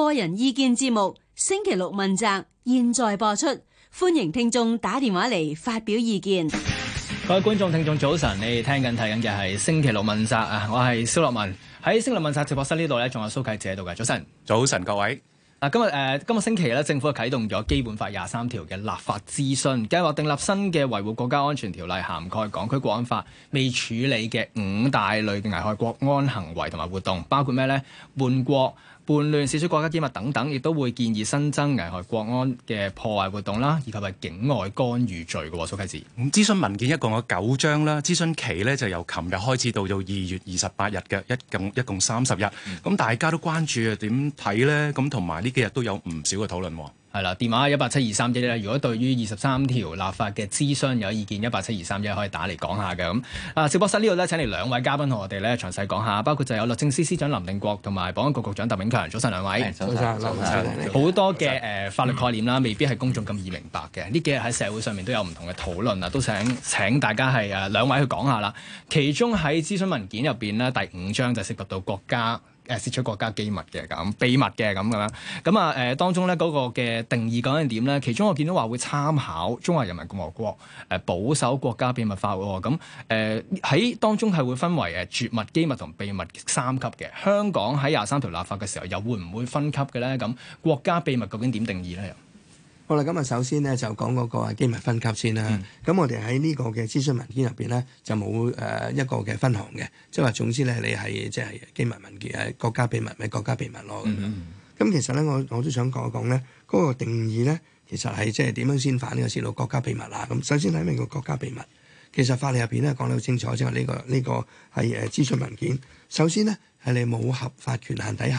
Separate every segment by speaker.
Speaker 1: 個人意見節目星期六問責，現在播出，歡迎聽眾打電話嚟發表意見。
Speaker 2: 各位觀眾聽眾早晨，你哋聽緊睇緊嘅係星期六問責啊！我係蕭樂文喺星期六問責直播室呢度咧，仲有蘇啟智喺度嘅。早晨，早晨，各位啊、呃！今日誒，今個星期咧，政府啟動咗基本法廿三條嘅立法諮詢，計劃訂立新嘅維護國家安全條例，涵蓋港區國安法未處理嘅五大類危害國安行為同埋活動，包括咩咧？叛國。叛亂、竊取國家機密等等，亦都會建議新增危害國安嘅破壞活動啦，以及係境外干預罪嘅。蘇啟智，諮詢文件一共有九章啦，諮詢期咧就由琴日
Speaker 3: 開始到到二月二十八日嘅一共一共三十日。咁、嗯、大家都關注啊，點睇
Speaker 2: 咧？咁同埋呢幾日都有唔少嘅討論。係啦，電話一八七二三一一。如果對於二十三條立法嘅諮詢有意見，一八七二三一可以打嚟講下嘅咁。啊，直播室呢度咧請嚟兩位嘉賓同我哋咧詳細講下，包括就有律政司司長林定國同埋保安局局長鄧炳強。早晨兩位，早晨，好多嘅誒、呃、法律概念啦，未必係公眾咁易明白嘅。呢幾日喺社會上面都有唔同嘅討論啊，都請請大家係誒兩位去講下啦。其中喺諮詢文件入邊咧，第五章就涉及到國家。誒泄出國家機密嘅咁，秘密嘅咁咁樣，咁啊誒當中咧嗰個嘅定義究竟點咧？其中我見到話會參考中華人民共和國誒保守國家秘密法喎，咁誒喺當中係會分為誒絕密、機密同秘密三級嘅。香港喺廿三條立法嘅時候，又會唔會分級嘅咧？咁、嗯、國家秘密究竟點定義咧？
Speaker 4: 好啦，咁啊，首先咧就講嗰個機密分級先啦。咁、嗯、我哋喺呢個嘅諮詢文件入邊咧，就冇誒、呃、一個嘅分行嘅，即係話總之咧，你係即係機密文件係國家秘密，咪國家秘密咯。咁、嗯嗯嗯、其實咧，我我都想講一講咧，嗰、那個定義咧，其實係即係點樣先反呢個洩露國家秘密啊？咁首先睇明個國家秘密，其實法例入邊咧講得好清楚，即係呢個呢、這個係誒諮詢文件，首先咧係你冇合法權限底下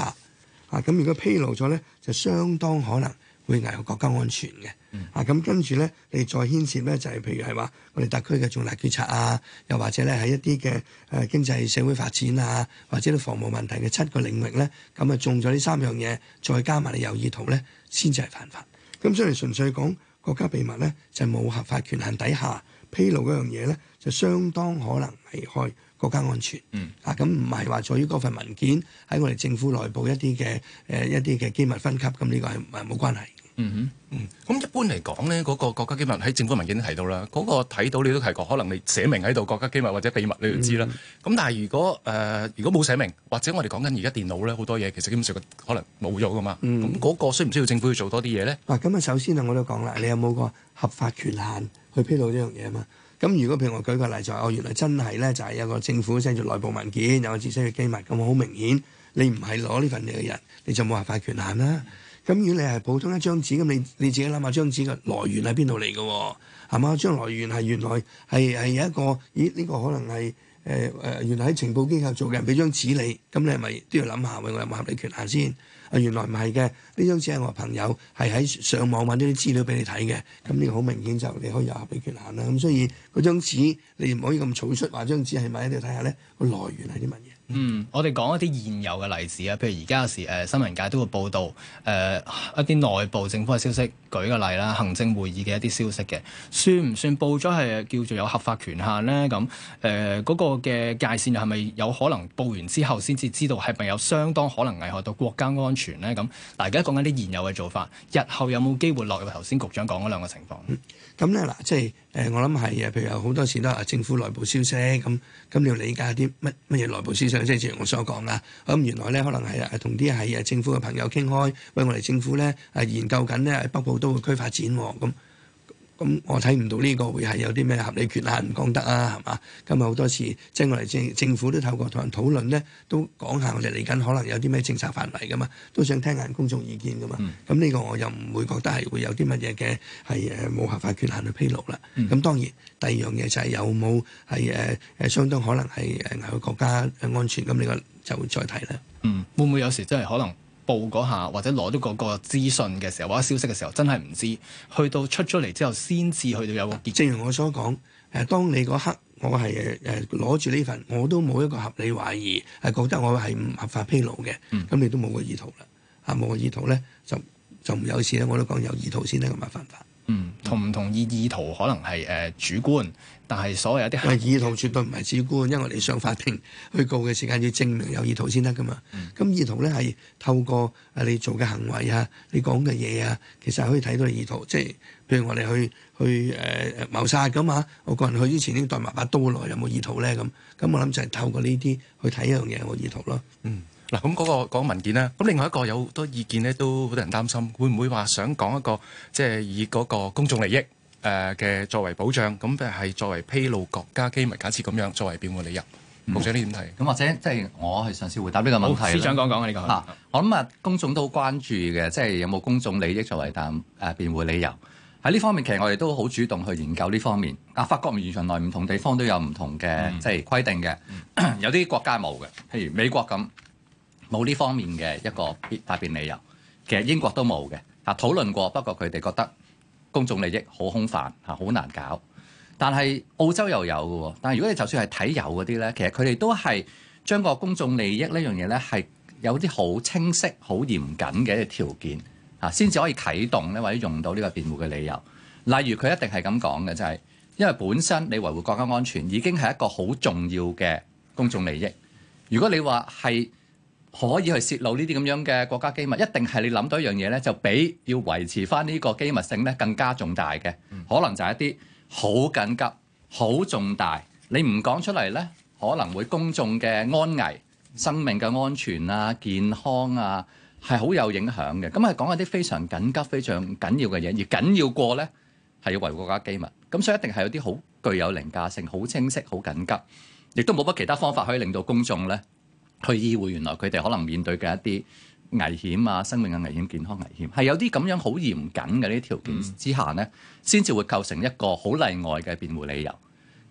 Speaker 4: 啊，咁如果披露咗咧，就相當可能。會危害國家安全嘅，嗯、啊咁跟住咧，你再牽涉咧就係、是、譬如係話，我哋特區嘅重大決策啊，又或者咧喺一啲嘅誒經濟社會發展啊，或者啲防務問題嘅七個領域咧，咁啊中咗呢三樣嘢，再加埋你有意圖咧，先至係犯法。咁所以純粹講國家秘密咧，就冇、是、合法權限底下披露嗰樣嘢咧，就相當可能危害國家安全。嗯，啊咁唔係話在於嗰份文件喺我哋政府內部一啲嘅誒一啲嘅機密分級，咁呢個係唔係冇關係？
Speaker 3: 嗯哼，嗯，咁一般嚟講咧，嗰個國家機密喺政府文件都提到啦，嗰個睇到你都提過，可能你寫明喺度國家機密或者秘密你就知啦。咁但係如果誒，如果冇寫明，或者我哋講緊而家電腦咧好多嘢，其實基本上可能冇咗噶嘛。咁嗰個需唔需要政府要做多啲嘢咧？
Speaker 4: 嗱，咁啊，首先啊，我都講啦，你有冇個合法權限去披露呢樣嘢啊嘛？咁如果譬如我舉個例就係，我原來真係咧就係有個政府寫住內部文件，有個自身嘅機密咁，好明顯你唔係攞呢份嘢嘅人，你就冇合法權限啦。咁、嗯、如果你係普通一張紙咁，你你自己諗下張紙嘅來源喺邊度嚟嘅喎？係嘛？張來源係原來係係一個，咦？呢、呢個可能係誒誒，原來喺情報機構做嘅人俾張紙你，咁你係咪都要諗下？喂，我有冇合理權限先？啊，原來唔係嘅，呢張紙係我朋友係喺上網揾啲資料俾你睇嘅，咁呢個好明顯就你可以有合理權限啦。咁、嗯、所以嗰張紙你唔可以咁草率話張紙係咪喺度睇下咧？個來源係啲乜嘢？
Speaker 2: 嗯，我哋講一啲現有嘅例子啊，譬如而家有時誒、呃、新聞界都會報道誒、呃、一啲內部政府嘅消息，舉個例啦，行政會議嘅一啲消息嘅，算唔算報咗係叫做有合法權限咧？咁誒嗰個嘅界線係咪有可能報完之後先至知道係咪有相當可能危害到國家安全咧？咁嗱，而家講緊啲現有嘅做法，日後有冇機會落入頭先局長講嗰兩個情況？嗯
Speaker 4: 咁咧嗱，即係誒、呃，我諗係啊，譬如有好多時都係政府內部消息，咁咁你要理解啲乜乜嘢內部消息，即係正如我所講啦。咁、嗯、原來咧可能係誒同啲係誒政府嘅朋友傾開，喂，我哋政府咧誒、啊、研究緊咧喺北部都會區發展喎、哦，咁、嗯。咁、嗯、我睇唔到呢個會係有啲咩合理權限唔講得啊，係嘛？今日好多時，即係我哋政政府都透過同人討論咧，都講下我哋嚟緊可能有啲咩政策範圍噶嘛，都想聽下公眾意見噶嘛。咁呢、嗯、個我又唔會覺得係會有啲乜嘢嘅係誒冇合法權限去披露啦。咁、嗯、當然第二樣嘢就係有冇係誒誒相當可能係誒危害國家嘅安全，咁呢個就再提啦。嗯，會唔會有時真係可能？報嗰
Speaker 2: 下或者攞咗嗰個資訊嘅時候或者消息嘅時候，真係唔知，去到出咗嚟之後，先
Speaker 4: 至去到有個結論。正如我所講，誒，當你嗰刻我係誒攞住呢份，我都冇一個合理懷疑，係覺得我係唔合法披露嘅。咁、嗯、你都冇個意圖啦，嚇、啊、冇個意圖咧，就就唔有事啦。我都講有意圖先咧，咁咪犯法。嗯，同唔同意意圖可能係誒、呃、主觀。但係所有啲意
Speaker 3: 圖,誒嘅作為保障，咁誒係作為披露國家機密，假設咁樣作為辯護理由，局長你點
Speaker 1: 睇？咁、嗯、或者即係、就是、我係上次回答呢個問題，你想、哦、講講呢、呢個？我諗啊，公眾都好關注嘅，即係有冇公眾利益作為一誒辯護理由。喺呢方面，其實我哋都好主動去研究呢方面。亞法國原來唔同地方都有唔同嘅即係規定嘅、嗯， 有啲國家冇嘅，譬如美國咁冇呢方面嘅一個辯護理由。其實英國都冇嘅，嚇討論過，不過佢哋覺得。公眾利益好空泛嚇，好難搞。但係澳洲又有嘅，但係如果你就算係睇有嗰啲咧，其實佢哋都係將個公眾利益呢樣嘢咧，係有啲好清晰、好嚴謹嘅一個條件嚇，先至可以啟動咧，或者用到呢個辯護嘅理由。例如佢一定係咁講嘅，就係因為本身你維護國家安全已經係一個好重要嘅公眾利益。如果你話係，可以去泄露呢啲咁樣嘅國家機密，一定係你諗到一樣嘢咧，就比要維持翻呢個機密性咧更加重大嘅。可能就係一啲好緊急、好重大，你唔講出嚟咧，可能會公眾嘅安危、生命嘅安全啊、健康啊，係好有影響嘅。咁係講一啲非常緊急、非常緊要嘅嘢，而緊要過咧，係要維護國家機密。咁所以一定係有啲好具有凌駕性、好清晰、好緊急，亦都冇乜其他方法可以令到公眾咧，去意會原來佢哋可能面對嘅一啲危險啊、生命嘅危險、健康危險，係有啲咁樣好嚴謹嘅呢啲條件之下呢，先至會構成一個好例外嘅辯護理由。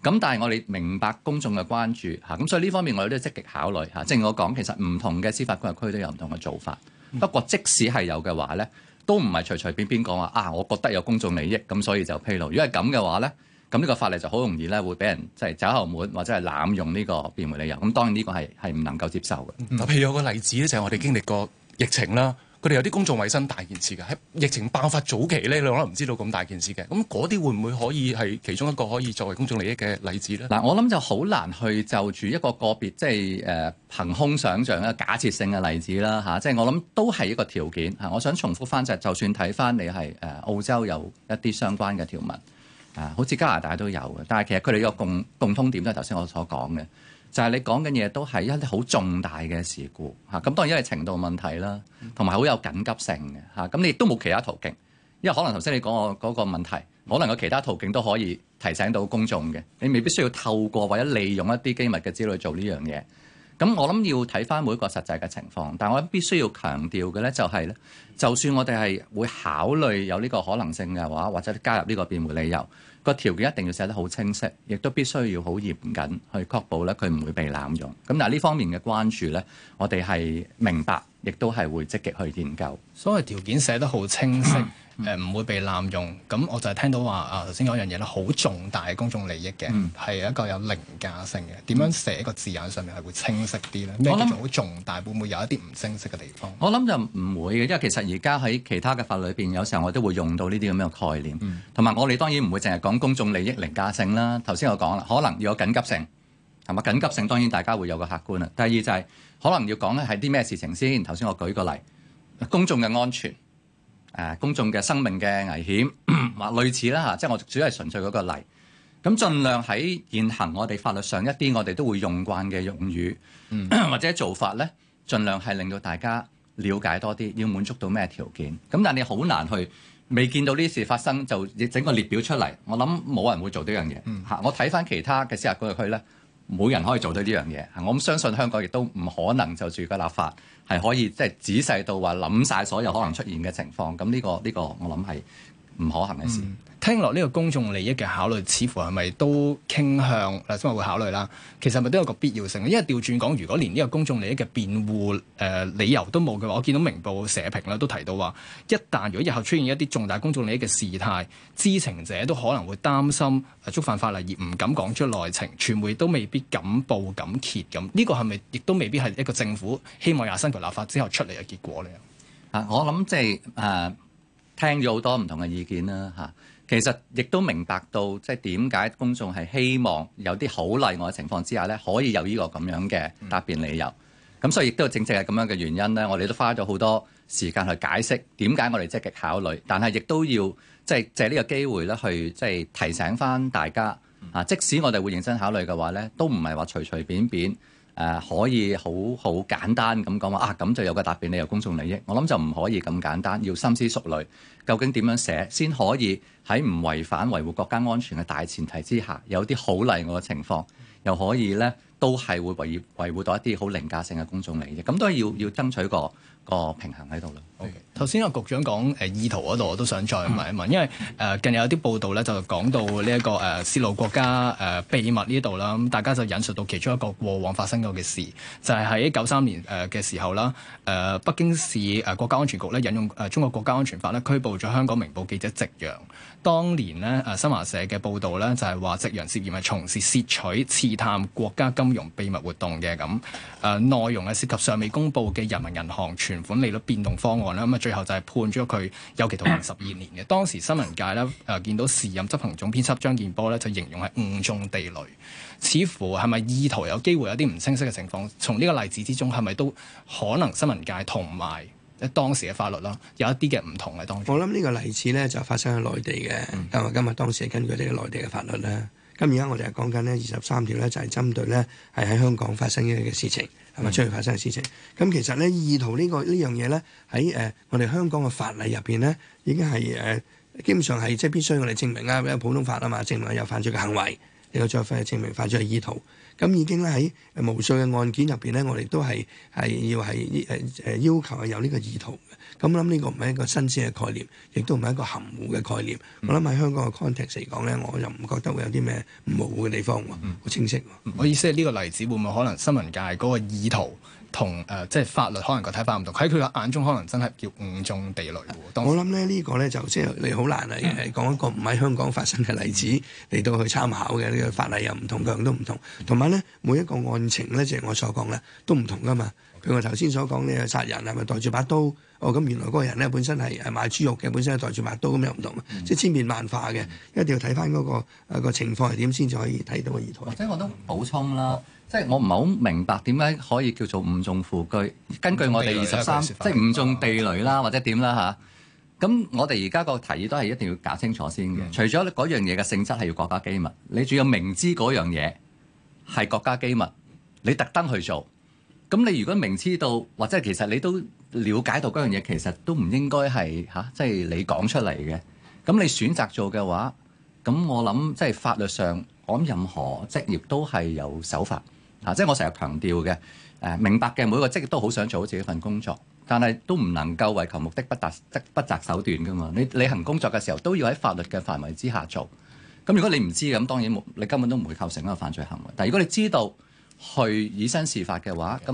Speaker 1: 咁但係我哋明白公眾嘅關注嚇，咁、啊、所以呢方面我哋都積極考慮嚇、啊。正如我講，其實唔同嘅司法管轄區都有唔同嘅做法。嗯、不過即使係有嘅話呢都唔係隨隨便便講話啊，我覺得有公眾利益咁，所以就披露。如果係咁嘅話呢。咁呢個法例就好容易咧，會俾人即係走後門或者係濫用呢個辯護理由。咁當然呢個係係唔能夠接受嘅。譬、嗯啊、如有個例子咧，就係、是、我哋經歷過疫情啦。
Speaker 3: 佢哋有啲公眾衞生大件事嘅喺疫情爆發早期咧，你可能唔知道咁大件事嘅。咁嗰啲會唔
Speaker 1: 會可以係其中一個可以作為公眾利益嘅例子咧？嗱、啊，我諗就好難去就住一個個別即係誒憑空想像嘅假設性嘅例子啦吓、啊，即係我諗都係一個條件嚇、啊。我想重複翻就係，就算睇翻你係誒澳洲有一啲相關嘅條文。啊，好似加拿大都有嘅，但係其實佢哋個共共通點都係頭先我所講嘅，就係、是、你講嘅嘢都係一啲好重大嘅事故嚇。咁、啊、當然因為程度問題啦，同埋好有緊急性嘅嚇。咁、啊、你都冇其他途徑，因為可能頭先你講我嗰、個問題，可能有其他途徑都可以提醒到公眾嘅，你未必需要透過或者利用一啲機密嘅資料去做呢樣嘢。咁我諗要睇翻每一個實際嘅情況，但係我必須要強調嘅咧就係、是、咧，就算我哋係會考慮有呢個可能性嘅話，或者加入呢個辯護理由。個條件一定要寫得好清晰，亦都必須要好嚴謹去確保咧，佢唔會被濫用。咁但係呢方面嘅關注呢，我哋係明白，亦都係會積極去研究。所謂條件寫得好清晰。 誒唔、嗯、會被濫用，咁我就係聽到話啊頭先
Speaker 2: 講一樣嘢啦，好重大公眾利益嘅，係、嗯、一個有凌駕性嘅，點樣寫一個字眼上面係會清晰啲咧？我諗想好重大會唔會有一啲唔清晰嘅地方？
Speaker 1: 我諗就唔會嘅，因為其實而家喺其他嘅法律裏邊，有時候我都會用到呢啲咁樣嘅概念，同埋、嗯、我哋當然唔會淨係講公眾利益凌駕性啦。頭先我講啦，可能要有緊急性，係咪緊急性？當然大家會有個客觀啦。第二就係、是、可能要講咧係啲咩事情先。頭先我舉個例，公眾嘅安全。誒、啊，公眾嘅生命嘅危險或 類似啦嚇、啊，即係我主要係純粹嗰個例。咁盡量喺現行我哋法律上一啲，我哋都會用慣嘅用語、嗯、或者做法咧，盡量係令到大家了解多啲，要滿足到咩條件。咁、啊、但係你好難去未見到呢事發生就整個列表出嚟。我諗冇人會做呢樣嘢嚇。我睇翻其他嘅司法區域咧。冇人可以做到呢樣嘢，我咁相信香港亦都唔可能就住個立法係可以即係仔細到話諗晒所有可能出現嘅情況。咁呢個，呢個我諗係。唔可行嘅事，嗯、聽落呢個公
Speaker 2: 眾利益嘅考慮，似乎係咪都傾向嗱，先我會考慮啦。其實係咪都有個必要性？因為調轉講，如果連呢個公眾利益嘅辯護誒理由都冇嘅話，我見到明報社評咧都提到話，一旦如果日後出現一啲重大公眾利益嘅事態，知情者都可能會擔心觸犯法例而唔敢講出內情，傳媒都未必敢報敢揭。
Speaker 1: 咁呢、這個係咪亦都未必係一個政府希望廿三條立法之後出嚟嘅結果咧？啊，我諗即係誒。啊聽咗好多唔同嘅意見啦，嚇，其實亦都明白到即係點解公眾係希望有啲好例外嘅情況之下咧，可以有呢個咁樣嘅答辯理由。咁、嗯、所以亦都正正係咁樣嘅原因呢，我哋都花咗好多時間去解釋點解我哋積極考慮，但係亦都要即係借呢個機會咧，去即係提醒返大家嚇，即使我哋會認真考慮嘅話呢，都唔係話隨隨便便。誒、啊、可以好好簡單咁講話啊，咁就有個答辯理由，有公眾利益。我諗就唔可以咁簡單，要深思熟慮，究竟點樣寫先可以喺唔違反維護國家安全嘅大前提之下，有啲好例外嘅情況，又可以呢都係會維維護到一啲好凌駕性嘅公眾利益。咁都係要要爭取過。哦，平衡喺度啦。OK，頭先阿局長講誒、呃、意圖嗰度，我都想再問一問，因為誒、呃、近日有啲報道咧，就
Speaker 2: 講到呢、這、一個誒泄、呃、露國家誒、呃、秘密呢度啦。咁大家就引述到其中一個過往發生過嘅事，就係喺九三年誒嘅時候啦。誒、呃、北京市誒、呃、國家安全局咧引用誒中國國家安全法咧拘捕咗香港明報記者席陽。當年呢，誒新華社嘅報道咧就係話席陽涉嫌係從事竊取、刺探國家金融秘密活動嘅咁誒內容係涉及尚未公佈嘅人民銀行全款利率變動方案啦，咁啊最後就係判咗佢有期徒刑十二年嘅。 當時新聞界咧，誒、呃、見到時任執行總編輯張建波咧，就形容係誤中地雷，似乎係咪意圖有機會有啲唔清晰嘅情況。從呢個例子之中，係咪都可能新聞界同埋當時嘅
Speaker 4: 法律啦，有一啲嘅唔同嘅。當我諗呢個例子咧，就發生喺內地嘅，咁啊、嗯、今日當時根據呢個內地嘅法律咧。咁而家我哋係講緊呢二十三條咧，就係針對咧係喺香港發生嘅嘅事情。咁啊，將會發生嘅事情。咁其實咧，意圖、這個這個、呢個呢樣嘢咧，喺誒、呃、我哋香港嘅法例入邊咧，已經係誒、呃、基本上係即係必須我哋證明啦，因為普通法啊嘛，證明有犯罪嘅行為，然後再分別證明犯罪嘅意圖。咁已經咧，喺無數嘅案件入邊咧，我哋都係係要係誒誒要求係有呢個意圖嘅。咁我諗呢個唔係一個新鮮嘅概念，亦都唔係一個含糊嘅概念。嗯、我諗喺香港嘅 context 嚟講咧，我就唔覺得會有啲咩模糊嘅地方好、嗯、清晰。我意思係呢個例子會唔會可能
Speaker 2: 新聞界嗰個意圖？同誒、呃、即係法律可能個睇法唔同，喺佢 眼中可能真係叫
Speaker 4: 誤中地雷。啊、時我諗咧呢、這個咧就即、是、係你好難係講、嗯、一個唔喺香港發生嘅例子嚟、嗯、到去參考嘅，呢、這個法例又唔同，個樣都唔同，同埋咧每一個案情咧，即、就、係、是、我所講咧都唔同噶嘛。譬如、嗯、我頭先所講咧殺人係咪袋住把刀？哦，咁原來嗰個人咧本身係誒賣豬肉嘅，本身係袋住麥刀咁又唔同，即係、嗯、千變萬化嘅，嗯、一定要睇翻嗰個誒、呃、情況係點先至可以睇到個意圖。或者我都補充啦，嗯、即
Speaker 1: 係我唔係好明白點解可以叫做誤中副車？嗯、根據我哋二十三，即係誤中地雷啦，或者點啦吓。咁、啊啊嗯、我哋而家個提議都係一定要搞清楚先嘅。嗯嗯、除咗嗰樣嘢嘅性質係要國家機密，你仲要明知嗰樣嘢係國家機密，你，你特登去做。咁你如果明知道，或者其實你都了解到嗰樣嘢，其實都唔應該係嚇，即、啊、係、就是、你講出嚟嘅。咁你選擇做嘅話，咁我諗即係法律上我諗，任何職業都係有手法啊！即、就、係、是、我成日強調嘅，誒、啊、明白嘅每個職業都好想做好自己份工作，但係都唔能夠為求目的不擇即不擇手段噶嘛。你履行工作嘅時候都要喺法律嘅範圍之下做。咁如果你唔知嘅，咁當然你根本都唔會構成一個犯罪行為。但如果你知道，去以身試法嘅話，咁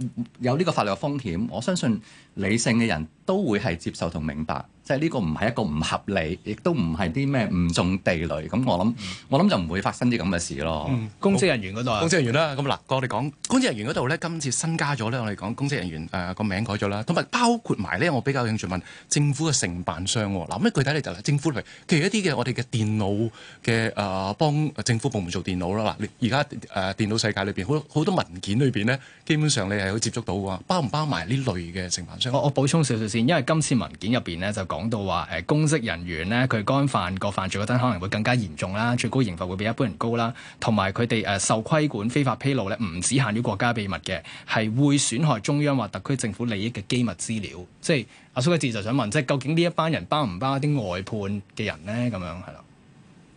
Speaker 1: Okay. 有呢個法律嘅風險，我相信。理性嘅人都會係接受同明白，即係呢個唔係一個唔合理，亦都唔係啲咩唔種地雷。咁我諗，嗯、我諗就唔會發生啲咁嘅事咯、嗯。公職人員嗰度，公職人員
Speaker 3: 啦。咁嗱，我哋講公職人員嗰度咧，今次新加咗咧，我哋講公職人員誒個名改咗啦。同埋包括埋咧，我比較有興趣問政府嘅承辦商嗱。咁樣具體嚟就係政府嚟，譬如一啲嘅我哋嘅電腦嘅誒幫政府部門做電腦啦。嗱，而家誒電腦世界裏邊，好好多文
Speaker 2: 件裏邊咧，基本上你係會接觸到㗎。包唔包埋呢類嘅承辦商？我我補充少少先，因為今次文件入邊咧就講到話誒公職人員咧，佢干犯個犯罪個單可能會更加嚴重啦，最高刑罰會比一般人高啦，同埋佢哋誒受規管非法披露咧唔只限於國家秘密嘅，係會損害中央或特區政府利益嘅機密資料。即係阿蘇家志就想問，即係究竟呢一班人包唔包啲外判嘅人呢？咁樣係咯、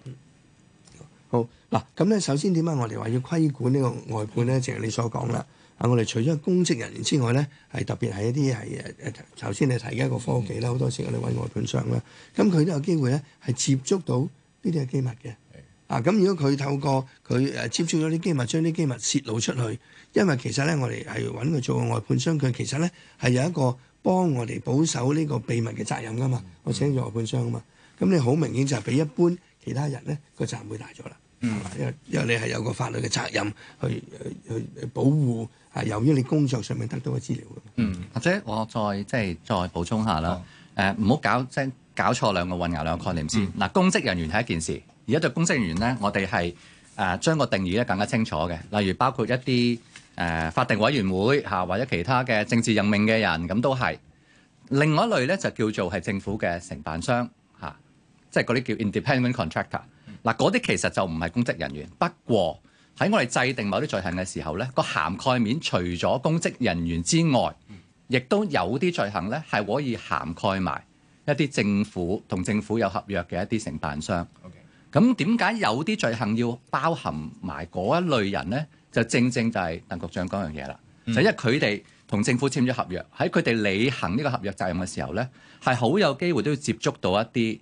Speaker 2: 嗯。
Speaker 4: 好嗱，咁咧首先點解我哋話要規管呢個外判咧？就係你所講啦。我哋除咗公職人員之外咧，係特別係一啲係誒誒，頭先你提嘅一個科技啦，好多時我哋揾外判商啦，咁佢都有機會咧係接觸到呢啲嘅機密嘅。啊，咁如果佢透過佢誒接觸咗啲機密，將啲機密泄露出去，因為其實咧我哋係揾佢做外判商，佢其實咧係有一個幫我哋保守呢個秘密嘅責任㗎嘛，我請咗外判商啊嘛，咁你好明顯就係比一般其他人咧個責任會大咗啦。嗯，因為因為你係有個法律嘅責任去去去保護啊。由於你工作上面得到嘅資料，嗯，
Speaker 1: 或者、 嗯、我再即係再補充下啦。誒、哦，唔好、呃、搞即搞錯兩個混淆兩個概念、嗯、先。嗱、嗯，公職人員係一件事，而家對公職人員咧，我哋係誒將個定義咧更加清楚嘅。例如包括一啲誒、呃、法定委員會嚇，或者其他嘅政治任命嘅人咁都係。另外一類咧就叫做係政府嘅承辦商嚇、啊，即係嗰啲叫 Independent Contractor。嗱，嗰啲其實就唔係公職人員。不過喺我哋制定某啲罪行嘅時候咧，個涵蓋面除咗公職人員之外，亦都有啲罪行咧係可以涵蓋埋一啲政府同政府有合約嘅一啲承辦商。咁點解有啲罪行要包含埋嗰一類人咧？就正正就係鄧局長嗰樣嘢啦。就、mm hmm. 因為佢哋同政府簽咗合約，喺佢哋履行呢個合約責任嘅時候咧，係好有機會都要接觸到一啲誒、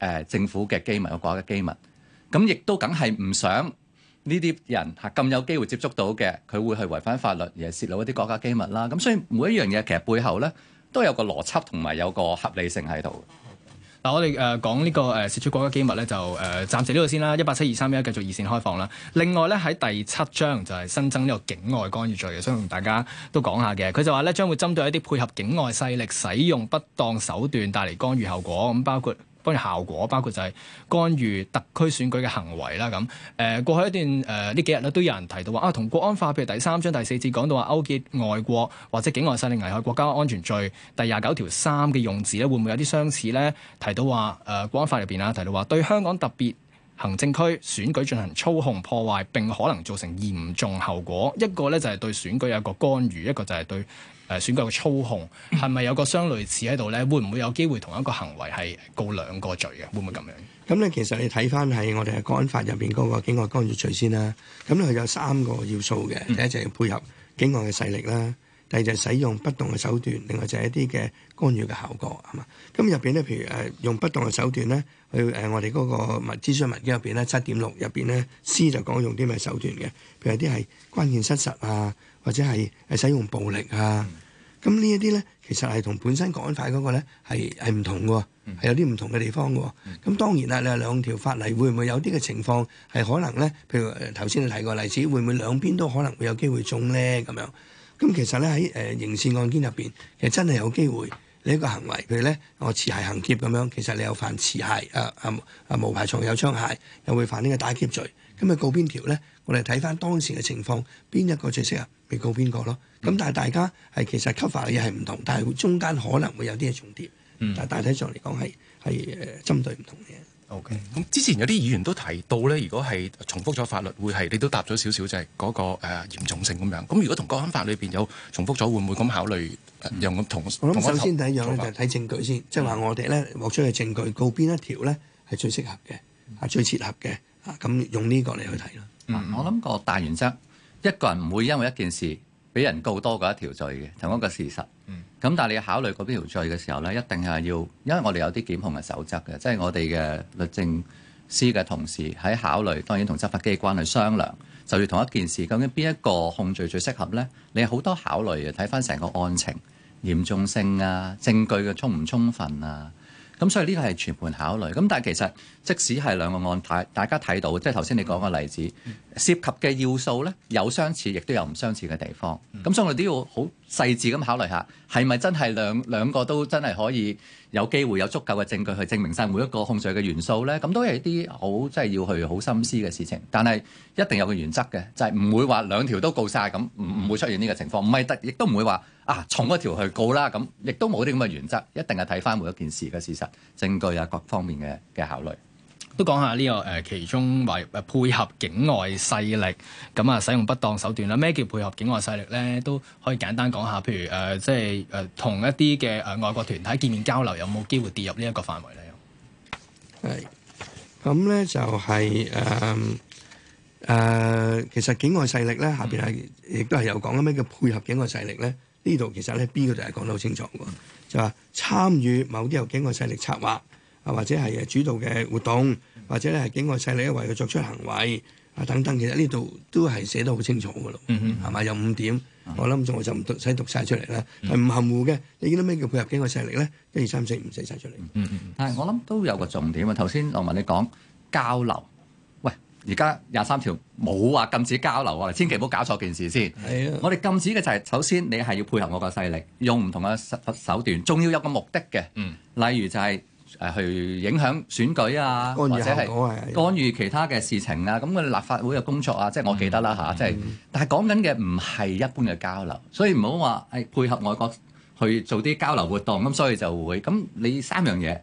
Speaker 1: 呃、政府嘅機密，國家嘅機密。咁亦都梗係唔想呢啲人嚇咁有機會接觸到嘅，佢會去違反法律而係泄露一啲國家機密啦。咁所以每一樣嘢其實背後咧都有個邏輯同埋有個合理性喺度。
Speaker 2: 嗱，我哋誒講呢、呢個誒泄出國家機密咧，就誒、呃、暫時呢度先啦。一八七二三一繼續二線開放啦。另外咧，喺第七章就係新增呢個境外干預罪嘅，所以同大家都講下嘅。佢就話咧，將會針對一啲配合境外勢力使用不當手段帶嚟干預後果，咁包括。幫住效果，包括就係干預特區選舉嘅行為啦咁。誒過去一段誒呢、呃、幾日咧都有人提到話啊，同國安法譬如第三章第四節講到話勾結外國或者境外勢力危害國家安全罪第，第廿九條三嘅用字咧會唔會有啲相似咧？提到話誒、呃、國安法入邊啊，提到話對香港特別行政區選舉進行操控破壞，並可能造成嚴重後果。一個咧就係、是、對選舉有一個干預，一個就係對。誒選舉嘅操控係咪有個相類似喺度
Speaker 4: 咧？會唔會有機會同一個行為係告兩個罪嘅？會唔會咁樣？咁咧、嗯，其實你睇翻喺我哋嘅《國安法》入邊嗰個境外干預罪先啦。咁、嗯、咧，佢有三個要素嘅，第一就係配合境外嘅勢力啦，第二就係使用不當嘅手段，另外就係一啲嘅干預嘅效果係嘛。咁入邊咧，譬如誒、呃、用不當嘅手段咧，去誒、呃、我哋嗰個文諮詢文件入邊咧，七點六入邊咧，C 就講用啲咩手段嘅，譬如一啲係關鍵失實啊，或者係使用暴力啊。嗯咁呢一啲咧，其實係同本身國安法嗰個咧係係唔同嘅，係有啲唔同嘅地方嘅。咁當然啦，你話兩條法例會唔會有啲嘅情況係可能咧？譬如頭先你提過個例子，會唔會兩邊都可能會有機會中咧？咁樣咁其實咧，喺誒刑事案件入邊，其實真係有機會你一個行為，譬如咧我持械行劫咁樣，其實你又犯持械啊、啊、啊、無牌藏有槍械，又會犯呢個打劫罪。咁咪告邊條咧？我哋睇翻當時嘅情況，邊一個最適合？你告邊個咯？咁但係大家係其實吸法嘅嘢係唔同，但係中間可能會有啲嘢重疊。但係大體上嚟講係係誒針對唔同嘅。O K。咁之前有啲議員
Speaker 3: 都提到咧，如果係重複咗法律，會係你都答咗少少，就係嗰個誒嚴重性咁樣。咁如果同國安法裏邊有重複咗，會唔會咁考慮用咁同？我諗首先第一樣咧就係
Speaker 4: 睇證據先，即係話我哋咧攞出嘅證據告邊一條咧係最適合嘅，係最切合嘅。啊，咁用呢個嚟去睇咯。
Speaker 1: 我諗個大原則。一個人唔會因為一件事俾人告多過一條罪嘅，同一個事實。咁、嗯、但係你考慮嗰條罪嘅時候呢，一定係要，因為我哋有啲檢控嘅守則嘅，即係我哋嘅律政司嘅同事喺考慮，當然同執法機關去商量。就要同一件事，究竟邊一個控罪最適合呢？你好多考慮啊，睇翻成個案情嚴重性啊，證據嘅充唔充分啊。咁所以呢個係全盤考慮，咁但係其實即使係兩個案睇，大家睇到，即係頭先你講個例子，涉及嘅要素咧有相似，亦都有唔相似嘅地方，咁所以我哋都要好，細緻咁考慮下，係咪真係兩兩個都真係可以有機會有足夠嘅證據去證明晒每一個控罪嘅元素呢？咁都係一啲好即係要去好心思嘅事情。但係一定有個原則嘅，就係唔會話兩條都告晒，咁，唔唔會出現呢個情況。唔係得，亦都唔會話啊重一條去告啦。咁亦都冇啲咁嘅原則，一定係睇翻每一件事嘅事實、證據啊各方面嘅嘅考慮。
Speaker 2: 都講下呢、這個誒、呃、其中為誒配合境外勢力咁啊、嗯，使用不當手段啦。咩叫配合境外勢力咧？都可以簡單講下，譬如誒、呃，即係誒、呃、同一啲嘅誒外國團體見面交流，有冇機會跌入範圍呢一個範圍咧？
Speaker 4: 咁咧、嗯，就係誒誒，其實境外勢力咧，嗯、下邊係亦都係有講緊咩叫配合境外勢力咧。呢度其實咧 B 佢就係講得好清楚嘅，就話參與某啲由境外勢力策劃。啊，或者係誒主導嘅活動，或者咧係境外勢力為佢作出行為啊等等，其實呢度都係寫得好清楚嘅咯，係咪？有五點，我諗我就唔使讀曬出嚟啦，係唔含糊嘅。你見到咩叫配合境外勢力咧？一二三四五，唔使曬出嚟。嗯嗯。
Speaker 1: 但係我諗都有個重點啊！頭先羅文你講交流，喂，而家廿三條冇話禁止交流喎，我哋千祈唔好搞錯件事先。係啊。我哋禁止嘅就係首先你係要配合我個勢力，用唔同嘅手手段，仲要有個目的嘅。嗯。例如就係。誒去影響選舉啊，干預、或者係干預其他嘅事情啊，咁個、嗯、立法會嘅工作啊，即、就、係、是、我記得啦嚇，即係、嗯啊就是。但係講緊嘅唔係一般嘅交流，所以唔好話誒配合外國去做啲交流活動，咁所以就會咁你三樣嘢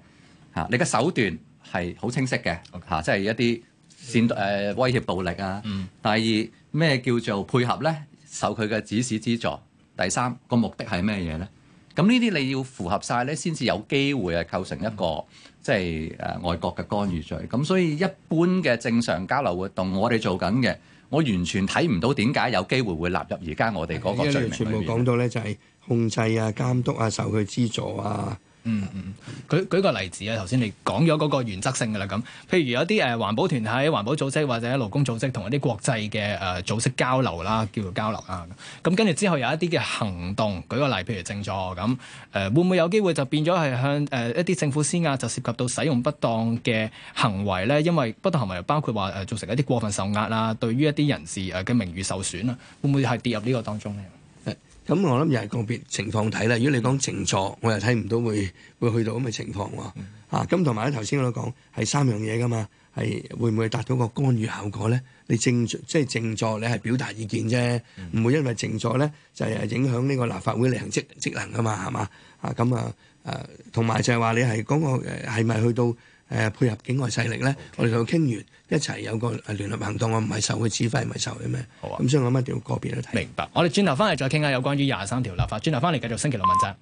Speaker 1: 嚇、啊，你嘅手段係好清晰嘅嚇，即係 Okay.、啊就是、一啲煽誒威脅暴力啊。嗯、第二咩叫做配合咧？受佢嘅指使資助。第三個目的係咩嘢咧？咁呢啲你要符合晒咧，先至有機會係構成一個即係誒外國嘅干預罪。咁所以一般嘅正常交流活動，我哋做緊嘅，我完全睇唔到點解有機會會納入而家
Speaker 4: 我哋嗰個罪名裏面。全部講到咧就係控制啊、監督啊、受佢資助啊。
Speaker 2: 嗯嗯，舉舉個例子啊，頭先你講咗嗰個原則性嘅啦，咁譬如有啲誒、呃、環保團體喺環保組織或者喺勞工組織同一啲國際嘅誒、呃、組織交流啦，叫做交流啊。咁跟住之後有一啲嘅行動，舉個例，譬如靜坐咁誒，會唔會有機會就變咗係向誒、呃、一啲政府施壓，就涉及到使用不當嘅行為咧？因為不當行為包括話誒、呃、造成一啲過分受壓啦，對於一啲人士誒嘅名譽受損啊，會唔會係跌入呢個
Speaker 4: 當中咧？咁、嗯、我諗又係個別情況睇啦。如果你講靜坐，我又睇唔到會會去到咁嘅情況喎。嗯、啊，咁同埋咧，頭先我都講係三樣嘢噶嘛，係會唔會達到個干預效果咧？你靜即係靜坐，你係表達意見啫，唔會因為靜坐咧就係、誒、影響呢個立法會履行職，職能噶嘛，係嘛？啊咁、嗯、啊，誒同埋就係話你係嗰、嗰個誒係咪去到？配合境外勢力咧，Okay. 我哋就傾完一齊有個聯合行動，我唔係受佢指揮，唔係受佢咩？好啊！咁所以我諗一定要個別都睇。明白。
Speaker 2: 我哋轉頭返嚟再傾下有關於廿三條立法。轉頭返嚟繼續星期六問責。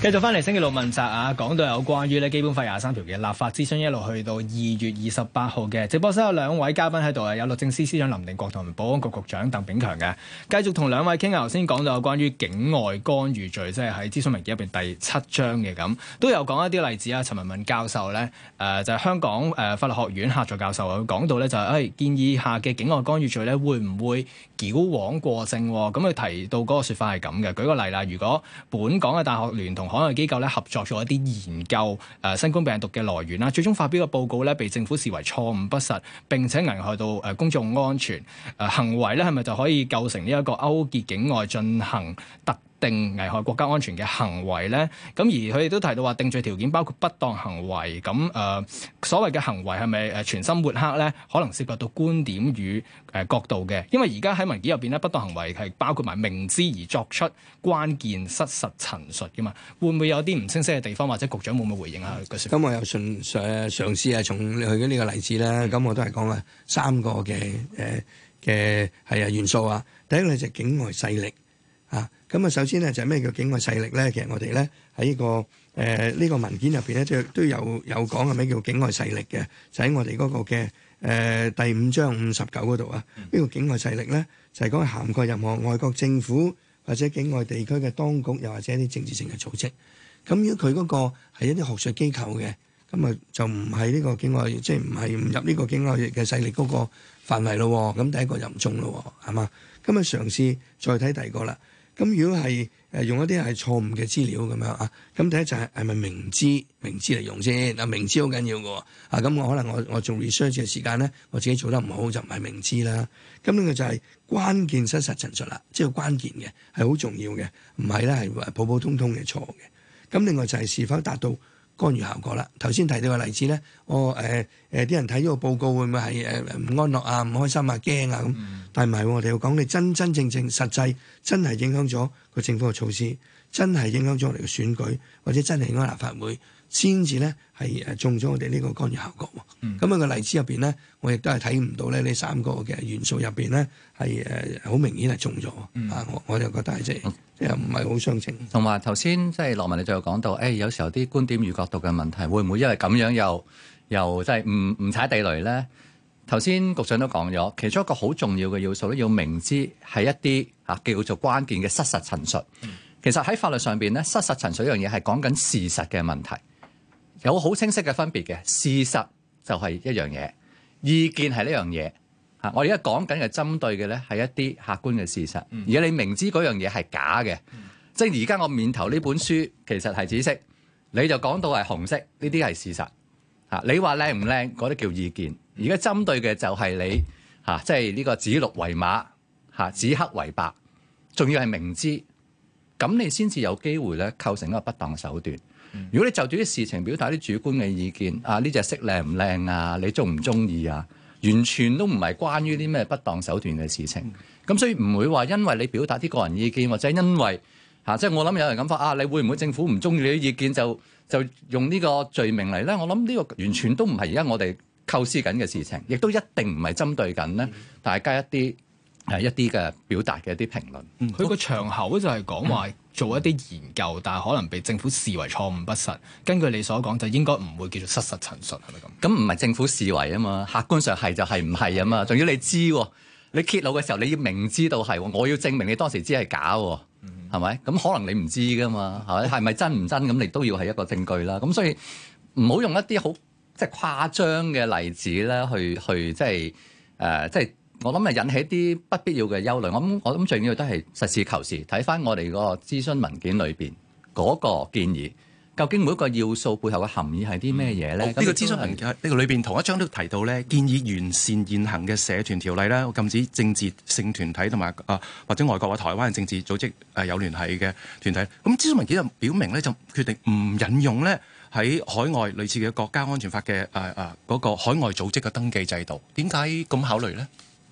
Speaker 2: 繼續翻嚟星期六問責啊，講到有關於咧基本法廿三條嘅立法諮詢，一路去到二月二十八號。嘅直播室有兩位嘉賓喺度啊，有律政司司長林定國同保安局局長鄧炳強嘅，繼續同兩位傾啊。頭先講到有關於境外干預罪，即係喺諮詢文件入邊第七章嘅，咁，都有講一啲例子啊。陳文敏教授咧，誒、呃、就係、是、香港誒、呃、法律學院客座教授，佢講到咧就係、是，誒、哎、建議下嘅境外干預罪咧會唔會矯枉過正？咁、嗯、佢提到嗰個説法係咁嘅，舉個例啦，如果本港嘅大學聯同海外機構咧合作做一啲研究，誒新冠病毒嘅來源啦，最終發表嘅報告咧被政府視為錯誤不實，並且危害到誒公眾安全，誒行為咧係咪就可以構成呢一個勾結境外進行特？定危害國家安全嘅行為咧，咁而佢哋都提到話定罪條件包括不當行為，咁誒、呃、所謂嘅行為係咪誒全心抹黑咧？可能涉及到觀點與誒、呃、角度嘅，因為而家喺文件入邊咧，不當行為係包括埋明知而作出關鍵失實陳
Speaker 4: 述嘅嘛，會唔會有啲唔清晰嘅地方，或者局長有冇回應下個？咁、嗯、我有嘗嘗試啊，從你去緊呢個例子咧，咁我都係講啊三個嘅誒嘅係啊元素啊，第一個就係境外勢力。咁啊，首先咧就咩叫境外勢力咧？其實我哋咧喺呢個誒呢個文件入邊咧，都都有有講係咩叫境外勢力嘅，就喺我哋嗰個嘅誒第五章五十九嗰度啊。呢個境外勢力咧，就係講涵蓋任何外國政府或者境外地區嘅當局，又或者一啲政治性嘅組織。咁如果佢嗰個係一啲學術機構嘅，咁啊就唔係呢個境外，即係唔係唔入呢個境外嘅勢力嗰個範圍咯。咁第一個就唔中咯，係嘛？咁啊，嘗試再睇第二個啦。咁如果係誒用一啲係錯誤嘅資料咁樣啊，咁第一就係係咪明知明知嚟用先？嗱，明知好緊要嘅啊，咁我可能我我做 research 嘅時間咧，我自己做得唔好就唔係明知啦。咁另外就係關鍵失實陳述啦，即係關鍵嘅係好重要嘅，唔係咧係普普通通嘅錯嘅。咁另外就係是否達到干預效果啦，頭先提到個例子咧，我誒誒啲人睇咗個報告會唔會係誒唔安樂啊、唔開心啊、驚啊咁？但係唔係我哋要講你真真正正實際真係影響咗個政府嘅措施，真係影響咗我哋嘅選舉，或者真係影響立法會。先至咧係誒中咗我哋呢個干預效果。咁啊個例子入邊咧，我亦都係睇唔到咧呢三個嘅元素入邊咧係誒好明顯係中咗。啊、嗯，我我就覺得係、就係嗯、即係即係唔係好相稱。同埋頭先
Speaker 1: 即係羅文你就講到誒、哎，有時候啲觀點與角度嘅問題，會唔會因為咁樣又又即係唔唔踩地雷咧？頭先局長都講咗，其中一個好重要嘅要素咧，要明知係一啲嚇叫做關鍵嘅失實陳述。嗯、其實喺法律上邊咧，失實,實陳述一樣嘢係講緊事實嘅問題。有好清晰嘅分別嘅，事實就係一樣嘢，意見係呢樣嘢。嚇，我而家講緊嘅針對嘅咧係一啲客觀嘅事實，而你明知嗰樣嘢係假嘅，嗯、即係而家我面頭呢本書其實係紫色，你就講到係紅色，呢啲係事實。嚇，你話靚唔靚？嗰啲叫意見。而家針對嘅就係你嚇，即係呢個指鹿為馬嚇，指黑為白，仲要係明知，咁你先至有機會咧構成一個不當手段。如果你就住啲事情表達啲主觀嘅意見，啊呢隻色靚唔靚啊，你中唔中意啊？完全都唔係關於啲咩不當手段嘅事情，咁、嗯、所以唔會話因為你表達啲個人意見，或者因為嚇，即、啊、係、就是、我諗有人咁發啊，你會唔會政府唔中意你啲意見就就用呢個罪名嚟咧？我諗呢個完全都唔係而家我哋構思緊嘅事情，亦都一定唔係針對緊咧大家一啲係、嗯啊、一啲嘅表達嘅一啲評論。佢個、嗯、場口就係講話。嗯做一啲研究，但係可能被政府視為錯誤不實。根據你所講，就應該唔會叫做失實陳述，係咪咁？咁唔係政府視為啊嘛，客觀上係就係唔係啊嘛。仲要你知，你揭露嘅時候，你要明知道係，我要證明你當時知係假，係咪？咁可能你唔知㗎嘛，係咪係咪真唔真？咁你都要係一個證據啦。咁所以唔好用一啲好即係誇張嘅例子咧，去去即係誒、呃、即。我諗咪引起啲不必要嘅憂慮。我諗我諗最緊要都係實事求是，睇翻我哋個諮詢文件裏邊嗰個建議，究竟每一個要素背後嘅含義係啲咩嘢咧？呢、嗯就是、個諮詢文件呢個
Speaker 3: 裏邊同一章都提到咧，建議完善現行嘅社團條例啦，禁止政治性團體同埋啊或者外國或台灣嘅政治組織係有聯繫嘅團體。咁諮詢文件就表明咧，就決定唔引用咧喺海外類似嘅國家安全法嘅啊啊嗰、那個海外組織嘅登記制度，點解咁考慮咧？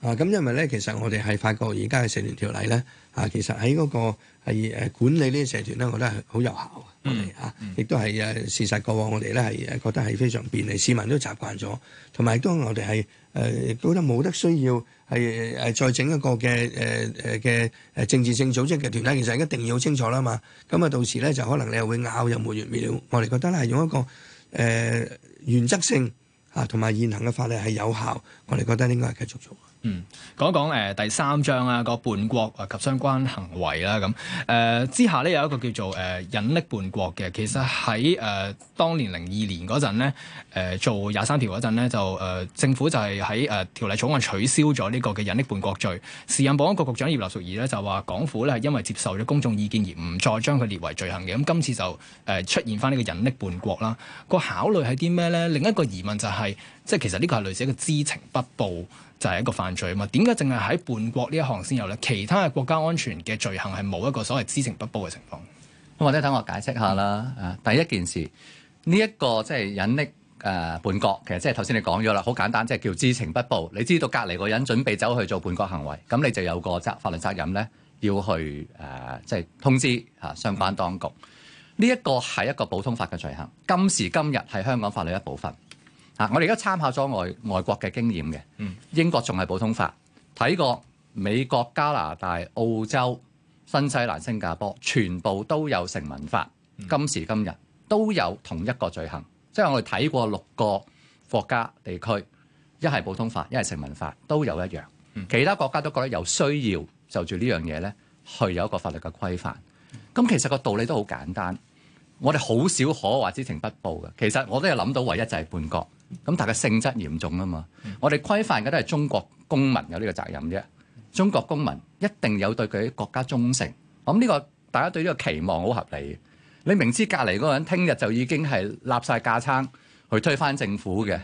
Speaker 4: 啊，咁因為咧，其實我哋係發覺而家嘅社團條例咧，啊，其實喺嗰個係誒管理呢啲社團咧，我覺得係好有效啊！我哋嚇，亦都係誒事實過往我哋咧係誒覺得係非常便利，市民都習慣咗，同埋都我哋係誒覺得冇得需要係係再整一個嘅誒誒嘅誒政治性組織嘅團體。其實而家定義好清楚啦嘛，咁啊到時咧就可能你又會咬又無源無了。我哋覺得咧係用一個誒原則性嚇同埋現行嘅法例係有效。我哋覺得應該係繼續做。嗯，
Speaker 2: 講一講、呃、第三章啊，個叛國啊及相關行為啦咁。誒、呃、之下咧有一個叫做誒、呃、隱匿叛國嘅，其實喺誒、呃、當年零二年嗰陣咧，誒、呃、做廿三條嗰陣咧就誒、呃、政府就係喺誒條例草案取消咗呢個嘅隱匿叛國罪。時任保安局局長葉劉淑儀咧就話，港府咧係因為接受咗公眾意見而唔再將佢列為罪行嘅。咁、嗯、今次就誒、呃、出現翻呢個隱匿叛國啦。個考慮係啲咩咧？另一個疑問就係、是。即係其實呢個係類似一個知情不報就係一個犯罪啊嘛？點解淨係喺叛國呢一
Speaker 1: 行先有咧？其他嘅國家安全嘅罪行係冇一個所謂知情不報嘅情況。咁或者等我解釋下啦。啊、嗯，第一件事呢一、這個即係隱匿誒、呃、叛國，其實即係頭先你講咗啦，好簡單，即、就、係、是、叫知情不報。你知道隔離個人準備走去做叛國行為，咁你就有個責法律責任咧，要去誒即係通知嚇、啊、相關當局。呢一、嗯、個係一個普通法嘅罪行，今時今日係香港法律一部分。啊！我哋而家參考咗外外國嘅經驗嘅，嗯、英國仲係普通法，睇過美國、加拿大、澳洲、新西蘭、新加坡，全部都有成文法，嗯、今時今日都有同一個罪行。即係我哋睇過六個國家地區，一係普通法，一係成文法，都有一樣。嗯、其他國家都覺得有需要就住呢樣嘢咧，去有一個法律嘅規範。咁、嗯嗯、其實個道理都好簡單，我哋好少可話知情不報嘅。其實我都有諗到，唯一就係叛國。咁，但係性質嚴重啊嘛。嗯、我哋規範嘅都係中國公民有呢個責任啫。中國公民一定有對佢啲國家忠誠。我諗呢個大家對呢個期望好合理。你明知隔離嗰個人聽日就已經係立晒架撐去推翻政府嘅。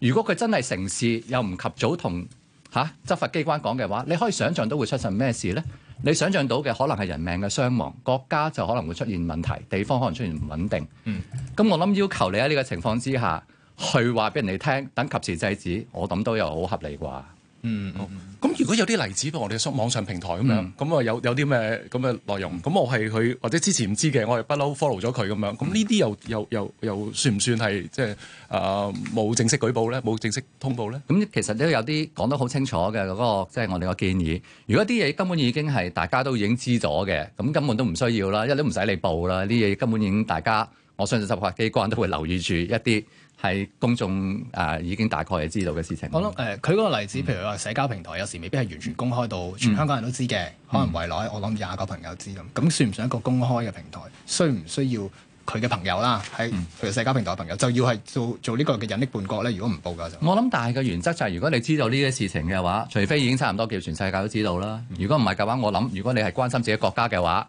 Speaker 1: 如果佢真係成事又唔及早同嚇、啊、執法機關講嘅話，你可以想象到會出現咩事呢？你想象到嘅可能係人命嘅傷亡，國家就可能會出現問題，地方可能出現唔穩定。咁、嗯、我諗要求你喺呢個情況之下。去話俾人哋聽，等及時制止，我諗都有好合理啩、嗯。嗯，咁、哦、如果有啲例子，我哋上
Speaker 3: 網上平台咁樣，咁啊、嗯、有有啲咩咁嘅內容，咁我係佢或者之前唔知嘅，我係不嬲 follow 咗佢咁樣。咁呢啲又又又又算唔算係即係啊冇正式舉報咧？冇正式通報咧？
Speaker 1: 咁其實都有啲講得好清楚嘅嗰個，即係我哋個建議。如果啲嘢根本已經係大家都已經知咗嘅，咁根本都唔需要啦，因為都唔使你報啦。呢嘢根本已經大家，我相信執法機關都會留意住一啲。係公眾誒、呃、已經大概知道嘅事情。
Speaker 2: 我諗誒，舉嗰個例子，譬如話社交平台有時未必係完全公開到全香港人都知嘅，嗯、可能圍內我諗廿個朋友知咁，
Speaker 1: 咁算唔算一個公開嘅平台？需唔需要佢嘅朋友啦？喺譬如社交平台嘅朋友就要係做做呢個嘅隱匿叛國咧？如果唔報嘅就我諗，大嘅原則就係、是、如果你知道呢啲事情嘅話，除非已經差唔多叫全世界都知道啦、嗯。如果唔係嘅話，我諗如果你係關心自己國家嘅話，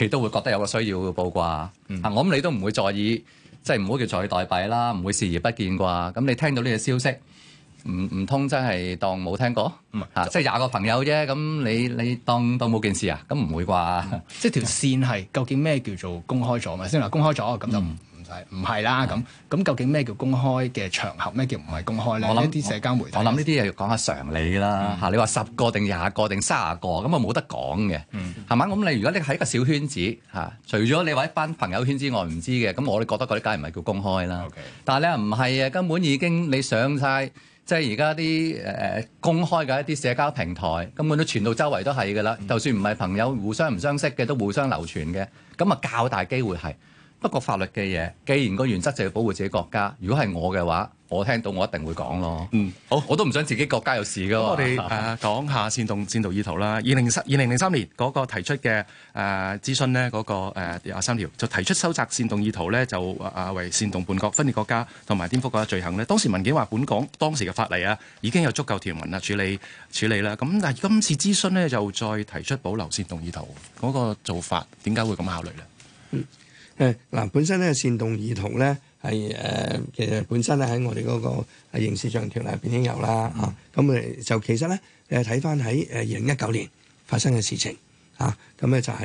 Speaker 1: 你都會覺得有個需要報啩。嗯、我諗你都唔會在意。即係唔好叫坐以待斃啦，唔會視而不見啩。咁你聽到呢個消息，唔唔通真係當冇聽過？嚇、嗯，啊、即係廿個朋友啫。咁你你當當冇件事啊？咁唔會啩、嗯？即係條線係、嗯、究竟咩叫做公開咗咪先話公開咗，咁、哦、就。
Speaker 2: 唔係啦，咁咁、嗯、
Speaker 1: 究竟咩叫公開嘅場
Speaker 2: 合？咩叫唔係公開咧？我諗想啲社交
Speaker 1: 媒體我，我諗呢啲又要講下常理啦嚇。嗯、你話十個定廿個定三十個，咁我冇得講嘅，係嘛？咁你如果你喺一個小圈子嚇、啊，除咗你話一班朋友圈之外唔知嘅，咁我哋覺得嗰啲梗係唔係叫公開啦。Okay. 但係你唔係啊，根本已經你上晒，即係而家啲誒公開嘅一啲社交平台，根本都傳到周圍都係㗎啦。嗯、就算唔係朋友互相唔相識嘅，都互相流傳嘅，咁啊較大機會係。不過法律嘅嘢，既然個原則就要保護自己國家。如果係我嘅話，我聽到我一定會講咯。嗯，
Speaker 3: 好，oh, 我都唔想自己國家有事噶。咁我哋誒、uh, 講下煽動煽動意圖啦。二零二零零三年嗰個提出嘅誒、uh, 諮詢呢，嗰、那個誒廿三條就提出收窄煽動意圖咧，就啊、uh, 為煽動叛國分裂國家同埋顛覆國家罪行咧。當時文件話，本港當時嘅法例啊，已經有足夠條文啊處理處理啦。咁但係今次諮詢呢，就再提出保留煽動意圖嗰個做法，點解會咁考慮呢？嗯
Speaker 4: 誒嗱，本身咧煽動意圖咧係誒，其實本身咧喺我哋嗰個刑事上條例入邊已經有啦嚇。咁誒就其實咧誒睇翻喺誒二零一九年發生嘅事情嚇，咁咧就係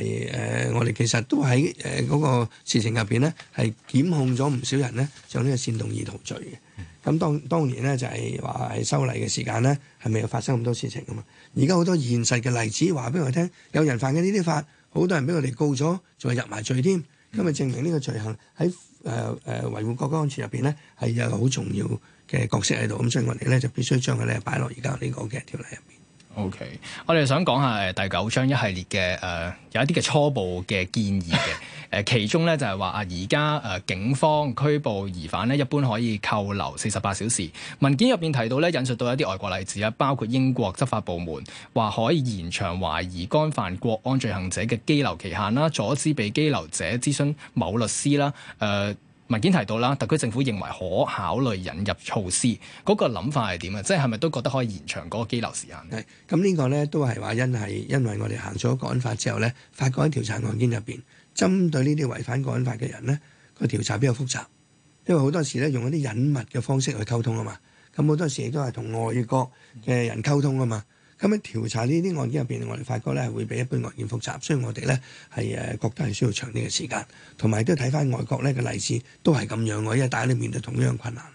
Speaker 4: 誒我哋其實都喺誒嗰個事情入邊咧係檢控咗唔少人咧，上呢個煽動意圖罪嘅。咁當當年咧就係話係修例嘅時間咧，係未發生咁多事情㗎嘛。而家好多現實嘅例子話俾我聽，有人犯緊呢啲法，好多人俾我哋告咗，仲係入埋罪添。今日證明呢個罪行，喺誒誒維護國家安全入邊咧係有一個好重要嘅角色喺度，咁所以我哋咧就必須將佢咧擺落而家呢個嘅條例入邊。O.K. 我哋想
Speaker 2: 講下誒第九章一系列嘅誒、呃、有一啲嘅初步嘅建議嘅誒、呃，其中咧就係話啊，而家誒警方拘捕疑犯咧一般可以扣留四十八小時。文件入邊提到咧，引述到一啲外國例子啊，包括英國執法部門話可以延長懷疑干犯國安罪行者嘅羈留期限啦，阻止被羈留者諮詢某律師啦，誒、呃。文件提到啦，特區政府認為可考慮引入措施，
Speaker 4: 嗰個諗法係點啊？即係係咪都覺得可以延長嗰個拘留時間咧？咁呢個咧，都係話因係因為我哋行咗國安法之後咧，發覺喺調查案件入邊，針對呢啲違反國安法嘅人咧，個調查比較複雜，因為好多時咧用一啲隱密嘅方式去溝通啊嘛。咁好多時亦都係同外國嘅人溝通啊嘛。嗯嗯。咁樣調查呢啲案件入邊，我哋發覺咧係會比一般案件複雜，所以我哋咧係誒覺得係需要長啲嘅時間，同埋都睇返外國咧嘅例子都係咁樣喎，因為大家都面對同樣困難。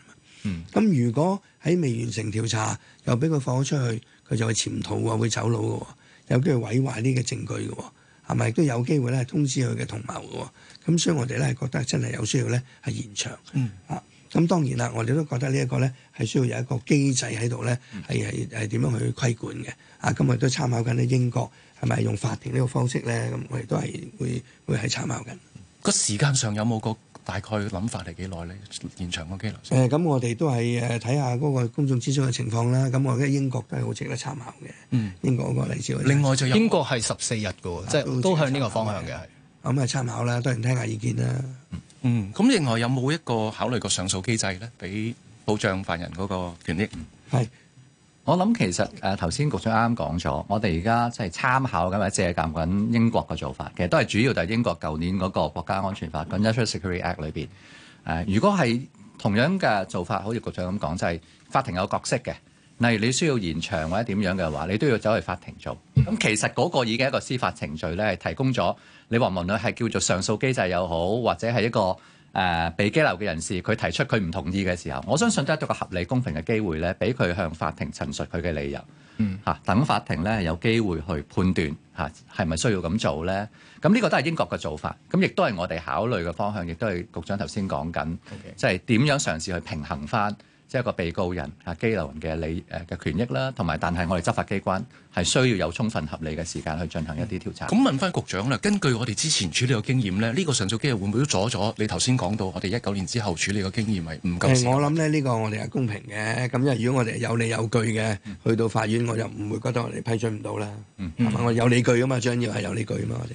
Speaker 4: 嗯。咁如果喺未完成調查，又俾佢放咗出去，佢就會潛逃啊，會走佬㗎，有機會毀壞呢個證據㗎，係咪都有機會咧通知佢嘅同謀㗎？咁所以我哋咧係覺得真係有需要咧係延長。嗯。啊咁當然啦，我哋都覺得呢一個咧係需要有一個機制喺度咧，係係係點樣去規管嘅。啊，今日都參考緊啲英國係咪用法庭呢個方式咧？咁我哋都係會會喺參考緊。個、嗯、時
Speaker 3: 間上有冇個大概諗法係幾耐咧？延長個機
Speaker 4: 率。咁、嗯、我哋都係誒睇下嗰個公眾諮詢嘅情況啦。咁我覺得英國都係好值得參考嘅。嗯，英國個例子。另外就
Speaker 2: 英國係十四日嘅，
Speaker 4: 即係都向
Speaker 2: 呢個方向嘅
Speaker 4: 係。咁係參考啦，多人聽、聽、聽下意見
Speaker 1: 啦。嗯。
Speaker 3: 嗯，咁另外有冇一個考慮過上訴機制咧，俾保障犯人
Speaker 1: 嗰個權益？係是、啊，我諗其實誒頭先局長啱啱講咗，我哋而家即係參考緊或者借鑑緊英國嘅做法，其實都係主要就係英國舊年嗰個國家安全法《National Security Act》裏邊，誒，如果係同樣嘅做法，好似局長咁講，就係、是、法庭有角色嘅，例如你需要延長或者點樣嘅話，你都要走去法庭做。咁、mm hmm. 其實嗰個已經係一個司法程序咧，係提供咗。你話無論係叫做上訴機制又好，或者係一個誒、呃、被羈留嘅人士，佢提出佢唔同意嘅時候，我相信都係一個合理公平嘅機會咧，俾佢向法庭陳述佢嘅理由。嗯，嚇、啊，等法庭咧、嗯、有機會去判斷嚇係咪需要咁做咧。咁呢個都係英國嘅做法，咁亦都係我哋考慮嘅方向，亦都係局長頭先講緊，Okay. 即係點樣嘗試去平衡翻。即係個被告人嚇拘留人嘅利誒嘅權益啦，同埋但係我哋執法機關係需要有充分合
Speaker 4: 理嘅時間去進行一啲調查。咁
Speaker 3: 問翻局長啦，根據我哋之前處理嘅經驗咧，呢個上訴機制會唔會都阻咗你頭先講到我哋一九年之後處理嘅經驗係唔夠時間？誒，我
Speaker 4: 諗咧呢個我哋係公平嘅，咁因為如果我哋有理有據嘅去到法院，我就唔會覺得我哋批准唔到啦。係咪我有理據啊嘛？張耀係有理據啊嘛？我哋。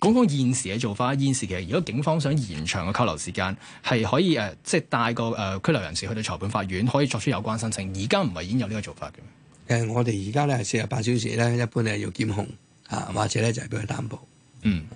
Speaker 4: 講講現時嘅做法，現時其實如果警方
Speaker 2: 想延長嘅扣留時間，係可以誒、呃，即係帶個誒、呃、拘留人士去到裁判法院，可以作出
Speaker 4: 有關申請。而家唔係已經有呢個做法嘅。誒、呃，我哋而家咧係四十八小時咧，一般係要檢控啊，或者咧就係俾佢擔保。嗯。誒、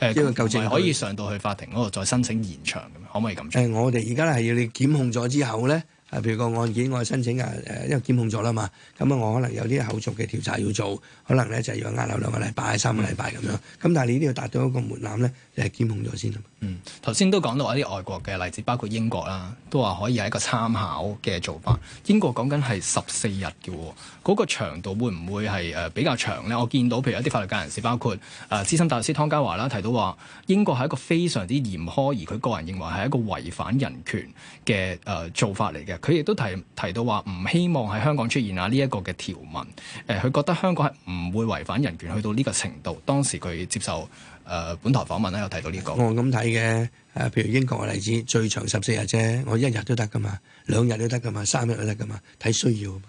Speaker 4: 呃，因為夠證可以上到去法
Speaker 2: 庭嗰度再申請延長嘅，可唔可以
Speaker 4: 咁做？呃、我哋而家咧係要你檢控咗之後咧。啊，譬如個案件，我申請啊，誒、呃，因為檢控咗啦嘛，咁我可能有啲後續嘅調查要做，可能咧就係、要押留兩個禮拜、三個禮拜咁樣。咁但係你都要達到一個門檻咧，就係檢控咗先。嗯，
Speaker 2: 頭先都講到一啲外國嘅例子，包括英國啦，都話可以係一個參考嘅做法。英國講緊係十四日嘅喎，嗰、那個長度會唔會係誒、呃、比較長咧？我見到譬如一啲法律界人士，包括誒、呃、資深大律師湯家華啦，提到話英國係一個非常之嚴苛，而佢個人認為係一個違反人權嘅誒、呃、做法嚟嘅。佢亦都提提到話唔希望喺香港出現啊呢一個嘅條文。誒、呃，佢覺得香港係唔會違反人權去到呢個程度。當時佢接受誒、呃，本台訪問咧有提到呢、這個，
Speaker 4: 我咁睇嘅誒，譬如英國嘅例子，最長十四日啫，我一日都得㗎嘛，兩日都得㗎嘛，三日都得㗎嘛，睇需要啊嘛。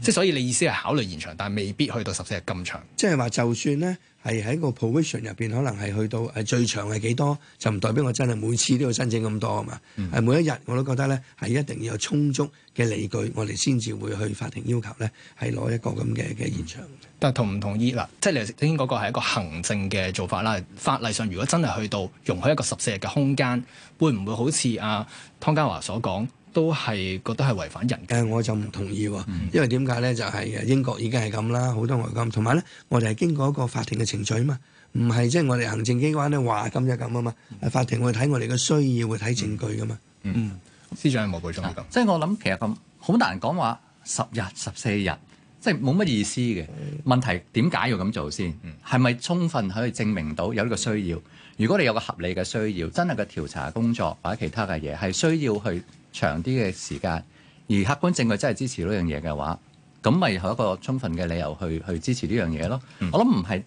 Speaker 4: 即係、嗯、所以你意思係考慮延長，但係未必去到十四日咁長。即係話，就算咧係喺個 provision 入邊，可能係去到係、啊、最長係幾多，就唔代表我真係每次都要申請咁多啊嘛。係、嗯、每一日我都覺得咧係一定要有充足嘅理據，我哋先至會去法庭要求咧係攞一個咁嘅嘅延長。嗯。但同唔同意嗱？
Speaker 2: 即係你頭先嗰個係一個行政嘅做法啦。法例上如果真係去到容許一個十四日嘅空間，會唔會好似阿、啊、湯家驊所講，都係覺得係違反
Speaker 4: 人權嘅、呃？我就唔同意。因為點解咧？就係、是、英國已經係咁啦，好多外國。同埋咧，我哋係經過一個法庭嘅程序啊嘛，唔係即係我哋行政機關咧話咁就咁啊嘛。法庭會睇我哋嘅需要，會睇證據噶嘛，嗯。嗯，司長冇補充啦、啊。即係我諗其實咁
Speaker 1: 好難講話十日十四日。即係冇乜意思嘅問題，點解要咁做先？係咪充分可以證明到有呢個需要？如果你有個合理嘅需要，真係個調查工作或者其他嘅嘢係需要去長啲嘅時間，而客觀證據真係支持呢樣嘢嘅話，咁咪有一個充分嘅理由去去支持呢樣嘢咯。嗯、我諗唔係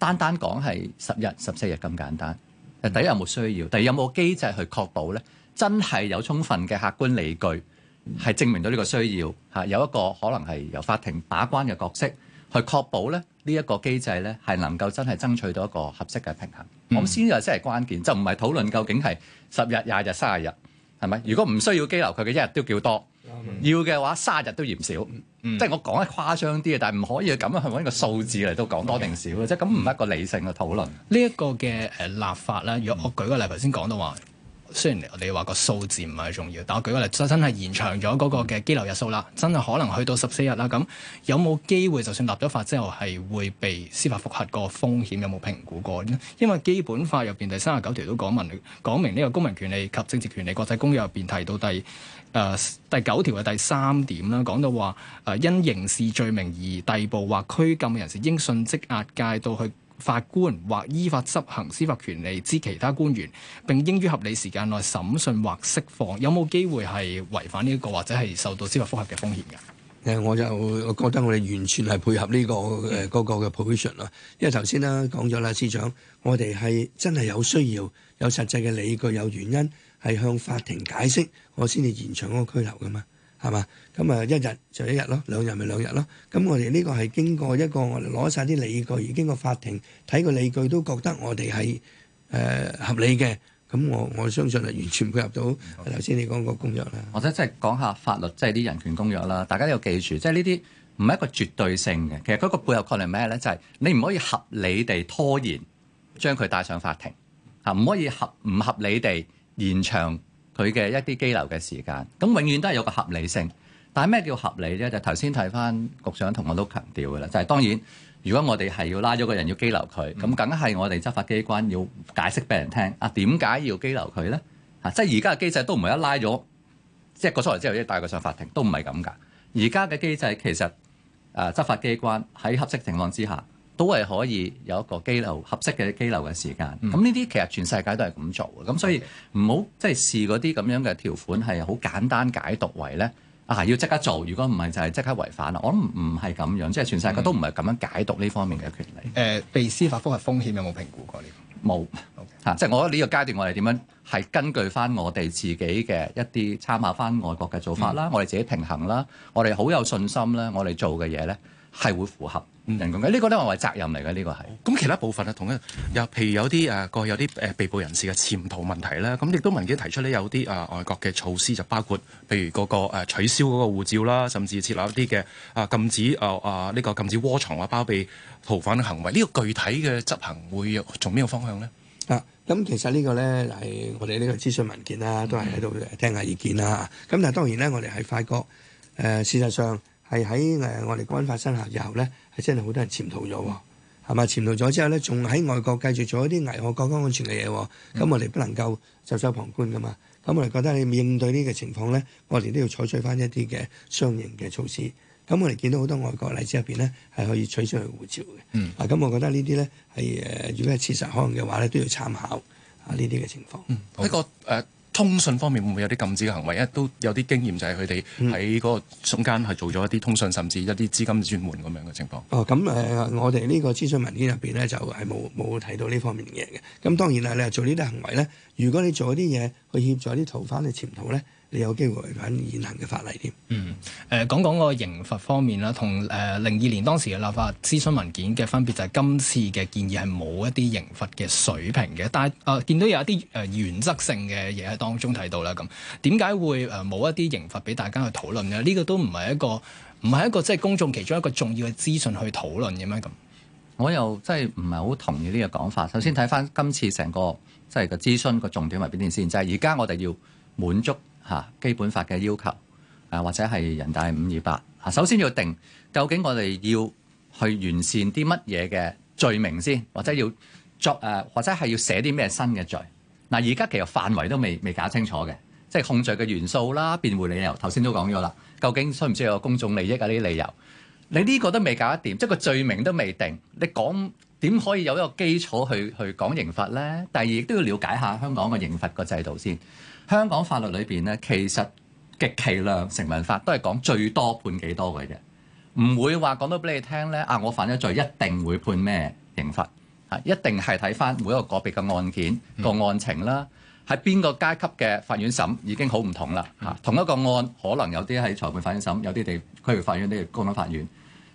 Speaker 1: 單單講係十日、十四日咁簡單。第一有冇需要？第二有冇機制去確保咧？真係有充分嘅客觀理據。係證明到呢個需要嚇、啊，有一個可能係由法庭把關嘅角色，去確保咧呢一、這個機制咧係能夠真係爭取到一個合適嘅平衡。咁、嗯、先至真係關鍵，就唔係討論究竟係十日、廿日、卅日係咪？如果唔需要拘留佢嘅一日都叫多，嗯、要嘅話卅日都嫌少。嗯、即係我講得誇張啲嘅，但係唔可以咁樣去揾個數字嚟到講多定少嘅，即係咁唔係一個理性嘅討論。呢、嗯、一個嘅誒立法咧，如果我舉個例頭
Speaker 2: 先講到話。雖然你話個數字唔係重要，但我舉個例子，真係延長咗嗰個嘅拘留日數啦，真係可能去到十四日啦。咁有冇機會就算立咗法之後係會被司法覆核個風險，有冇評估過咧？因為基本法入邊第三十九條都講明，講明呢個公民權利及政治權利國際公約入邊提到第誒、呃、第九條嘅第三點啦，講到話誒、呃、因刑事罪名而逮捕或拘禁嘅人士應迅即押解到去。法官或依法執行司法權利之其他官員，並應於合理時間內審訊或釋放。有冇機會係違反呢、這、一個，或者係受到司法覆核嘅風險㗎？誒、
Speaker 4: 嗯，我就我覺得我哋完全係配合呢、這個誒嗰、那個嘅 position 啦。因為頭先啦講咗啦，司長，我哋係真係有需要，有實際嘅理據有原因係向法庭解釋，我先至延長嗰個拘留㗎嘛。係嘛？咁誒，一日就一日咯，兩日咪兩日咯。咁我哋呢個係經過一個我攞晒啲理據，而經過法庭睇個理據，都覺得我哋係誒合理嘅。咁我我相信係完全配合到頭先你講個公約啦。的我覺得真係講下法律，即係啲
Speaker 1: 人權公約啦。大家要記住，即係呢啲唔係一個絕對性嘅。其實佢個背後確係咩咧？就係、是、你唔可以合理地拖延將佢帶上法庭嚇，唔可以合唔合理地延長。佢嘅一啲拘留嘅時間，咁永遠都係有個合理性。但係咩叫合理咧？就頭先睇翻局長同我都強調嘅啦，就係、是、當然，如果我哋係要拉咗個人要拘留佢，咁梗係我哋執法機關要解釋俾人聽，啊點解要拘留佢咧？啊，即係而家嘅機制都唔係一拉咗，即係過咗嚟，之後一帶佢上法庭都唔係咁噶。而家嘅機制其實誒、啊、執法機關喺合適情況之下。都係可以有一個機流合適嘅機流嘅時間。咁呢啲其實全世界都係咁做嘅。咁、嗯、所以唔好即係試嗰啲咁樣嘅條款係好簡單解讀為咧啊要即刻做，如果唔係就係即刻違反啦。我諗唔係咁樣，即係全世界都唔係咁樣解讀呢方面嘅權利。誒、嗯嗯，被司法覆核風險有冇評估過呢？冇嚇，即係我覺得呢個階段我哋點樣係根據翻我哋自己嘅一啲參考翻外國嘅做法啦，嗯、我哋自己平衡啦，我哋好有信心咧，我哋做嘅嘢咧係會符合。人工嘅呢、這個咧，我係責任嚟嘅，呢、這個係。咁、嗯、其他部分啊，同一又譬如有啲誒過去有啲誒被捕人士嘅潛逃
Speaker 3: 問題啦，咁亦都文件提出呢，有啲誒外國嘅措施就包括，譬如嗰個取消嗰個護照啦，甚至設立一啲嘅啊禁止誒啊呢個禁、啊、禁止窩藏啊包庇逃犯嘅行為。呢、這個具體嘅執行會
Speaker 4: 從邊個方向呢？啊，咁其實個呢個咧係我哋呢個諮詢文件啦，都係喺度聽下意見啦。咁、嗯、但係當然咧，我哋係發覺誒、呃、事實上。係喺誒我哋國安法生效以後咧係真係好多人潛逃咗，係嘛？潛逃咗之後咧，仲喺外國繼續做一啲危害國家安全嘅嘢，咁我哋不能夠袖手旁觀噶嘛。咁我哋覺得你面對呢個情況咧，我哋都要採取翻一啲嘅相應嘅措施。咁我哋見到好多外國例子入邊咧，係可以取消佢護照嘅。嗯。啊，咁我覺得呢啲咧係誒，如果係切實可能嘅話咧，都要參考啊呢啲嘅情況。呢個
Speaker 3: 誒。通訊方面會唔會有啲禁止嘅行為？一都有啲經驗，就係佢哋喺嗰個中間係做咗一啲通訊，甚至一啲資金轉換咁樣嘅情況。
Speaker 4: 哦、嗯，咁誒、呃，我哋呢個諮詢文件入邊咧，就係冇冇睇到呢方面嘅嘢嘅。咁當然啦，你係做呢啲行為咧，如果你做一啲嘢去協助啲逃犯去潛逃咧。你有機會違反現行嘅法例添。
Speaker 2: 嗯，誒、呃、講講個刑罰方面啦，同誒零二年當時嘅立法諮詢文件嘅分別就係今次嘅建議係冇一啲刑罰嘅水平嘅，但係誒、呃、見到有一啲誒原則性嘅嘢喺當中睇到啦咁。點解會誒冇一啲刑罰俾大家去討論呢？呢、
Speaker 1: 這個都唔係一個唔係一個即係、就是、公眾其中一個重要嘅資訊去討論嘅咩咁？我又真係唔係好同意呢個講法。首先睇返今次成個即係、就是、個諮詢個重點係邊啲先，就係而家我哋要滿足。嚇基本法嘅要求，誒或者係人大五二八嚇，首先要定究竟我哋要去完善啲乜嘢嘅罪名先，或者要作誒，或者係要寫啲咩新嘅罪。嗱，而家其實範圍都未未搞清楚嘅，即係控罪嘅元素啦、辯護理由。頭先都講咗啦，究竟需唔需要有公眾利益啊？呢啲理由，你呢個都未搞得掂，即係個罪名都未定，你講點可以有一個基礎去去講刑罰咧？第二亦都要了解下香港嘅刑罰個制度先。香港法律裏邊咧，其實極其量成文法都係講最多判幾多嘅啫，唔會話講到俾你聽咧。啊，我犯咗罪，一定會判咩刑罰嚇？一定係睇翻每一個個別嘅案件、嗯、個案情啦，喺邊個階級嘅法院審已經好唔同啦嚇。嗯、同一個案可能有啲喺裁判法院審，有啲地區域法院，都啲高等法院。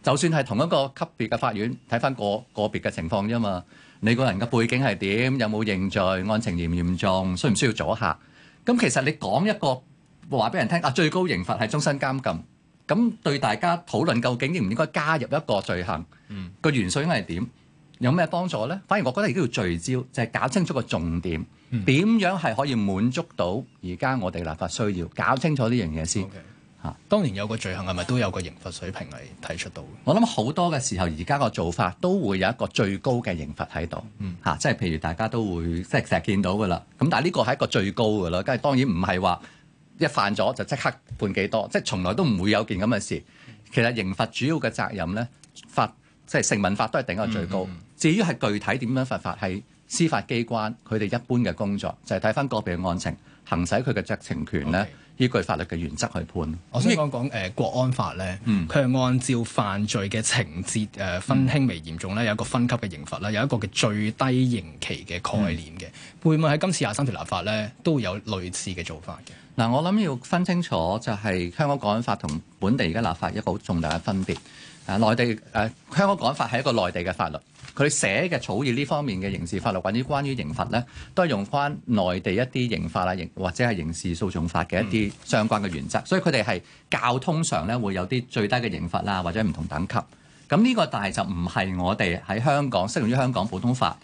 Speaker 1: 就算係同一個級別嘅法院，睇翻個個別嘅情況啫嘛。你個人嘅背景係點？有冇認罪？案情嚴唔嚴重？需唔需要阻嚇？咁其實你講一個話俾人聽啊，最高刑罰係終身監禁，咁對大家討論究竟應唔應該加入一個罪行，個、嗯、元素應該係點，有咩幫助呢？反而我覺得而家要聚焦，就係、是、搞清楚個重點，點、嗯、樣係可以滿足到而家我哋立法需要，搞清楚呢樣嘢先。Okay. 嚇，當年有個罪行係咪都有個刑罰水平嚟提出到？我諗好多嘅時候，而家個做法都會有一個最高嘅刑罰喺度。嗯，嚇、啊，即係譬如大家都會即係成日見到㗎啦。咁但係呢個係一個最高㗎啦。梗係當然唔係話一犯咗就即刻判幾多，即係從來都唔會有件咁嘅事。其實刑罰主要嘅責任咧，法即係、就是、成文法都係定個最高。嗯嗯、至於係具體點樣罰法，係司法機關佢哋一般嘅工作，就係睇翻個別嘅案情，行使佢嘅酌情權咧。Okay. 依據法律嘅原則去判。我想講講
Speaker 2: 誒國安法咧，佢係、嗯、按照犯罪嘅情節誒、呃、分輕微嚴重咧，嗯、有一個分級嘅刑罰啦，有一個嘅最低刑期嘅概念嘅。會唔會喺今次廿三條立法
Speaker 1: 咧都有類似嘅做法嘅？嗱、嗯，我諗要分清楚就係香港國安法同本地而家立法一個好重大嘅分別。啊，內地誒、啊、香港國安法係一個內地嘅法律。佢寫嘅草擬呢方面嘅刑事法律，關於關於刑罰呢，都係用返內地一啲刑法啊，或或者係刑事訴訟法嘅一啲相關嘅原則，所以佢哋係教通常呢會有啲最低嘅刑罰啊，或者唔同等級。咁呢個大就唔係我哋喺香港適用於香港普通法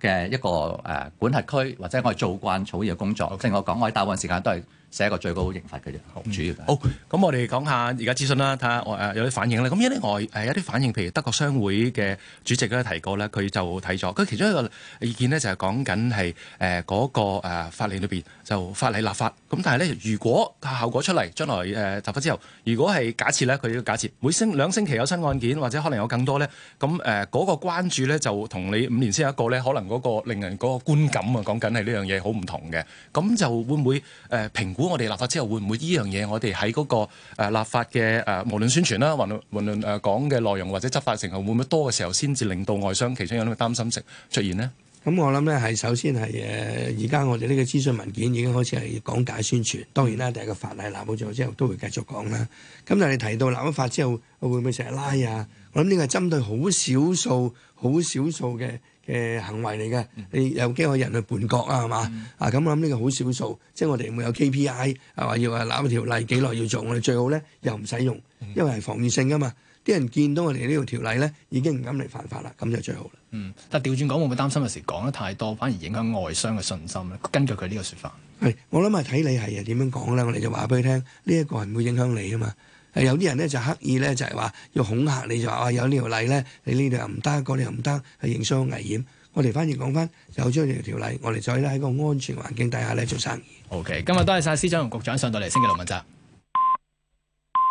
Speaker 1: 嘅一個誒、呃、管轄區，或者我哋做慣草擬嘅工作。Okay. 正如我講，我喺大部分時間都係。寫一個最高刑罰嘅啫，主要。好，咁我哋講
Speaker 3: 下而家諮詢啦，睇下我誒有啲反應咧。咁一啲外誒一啲反應，譬如德國商會嘅主席都提過咧，佢就睇咗。佢其中一個意見咧就係講緊係誒嗰個誒法例裏邊就法例立法。咁但係咧，如果個效果出嚟，將來誒執法之後，如果係假設咧，佢嘅假設每星兩星期有新案件，或者可能有更多咧，咁誒嗰個關注咧就同你五年先有一個咧，可能嗰個令人嗰個觀感啊，講緊係呢樣嘢好唔同嘅。咁就會唔會誒評？估我哋立法之後會唔會呢樣嘢？我哋喺嗰個立法嘅誒、呃，無論宣傳啦，或無論誒講嘅內容或者執法成效，會唔會多嘅時候先至令到外商其中有呢啲擔心性出現呢？
Speaker 4: 咁、嗯、我諗咧係首先係誒，而家我哋呢個諮詢文件已經開始係講解宣傳。當然啦，第一個法例立好咗之，之後都會繼續講啦。咁但係你提到立咗法之後會唔會成日拉呀？我諗呢個針對好少數、好少數嘅。嘅行為嚟嘅，嗯、你有機會人去叛國、嗯、啊？係嘛？啊咁我諗呢個好少數，即係我哋唔會有 KPI，係、啊、話要話攬條例幾耐要做，我哋最好咧又唔使用，用，因為係防禦性噶嘛。啲人見到我哋呢條條例咧，已經唔敢嚟犯法啦，咁就最好啦。
Speaker 2: 嗯，但係調轉講，會唔會擔心有時講得太多，反而影響外商嘅信心咧？根據佢呢
Speaker 4: 個説法，係我諗係睇你係啊點樣講啦，我哋就話俾佢聽，呢、這、一個係唔會影響你噶嘛。有啲人咧就刻意咧就係、是、話要恐嚇你，就話、是、哇有條呢條例咧，你呢度又唔得，嗰度又唔得，係營商危險。我哋反而講翻有咗呢條條例，我哋再咧喺個安全環境底下咧做生意。
Speaker 2: OK，今日多謝晒司長同局長上到嚟，星期六問責。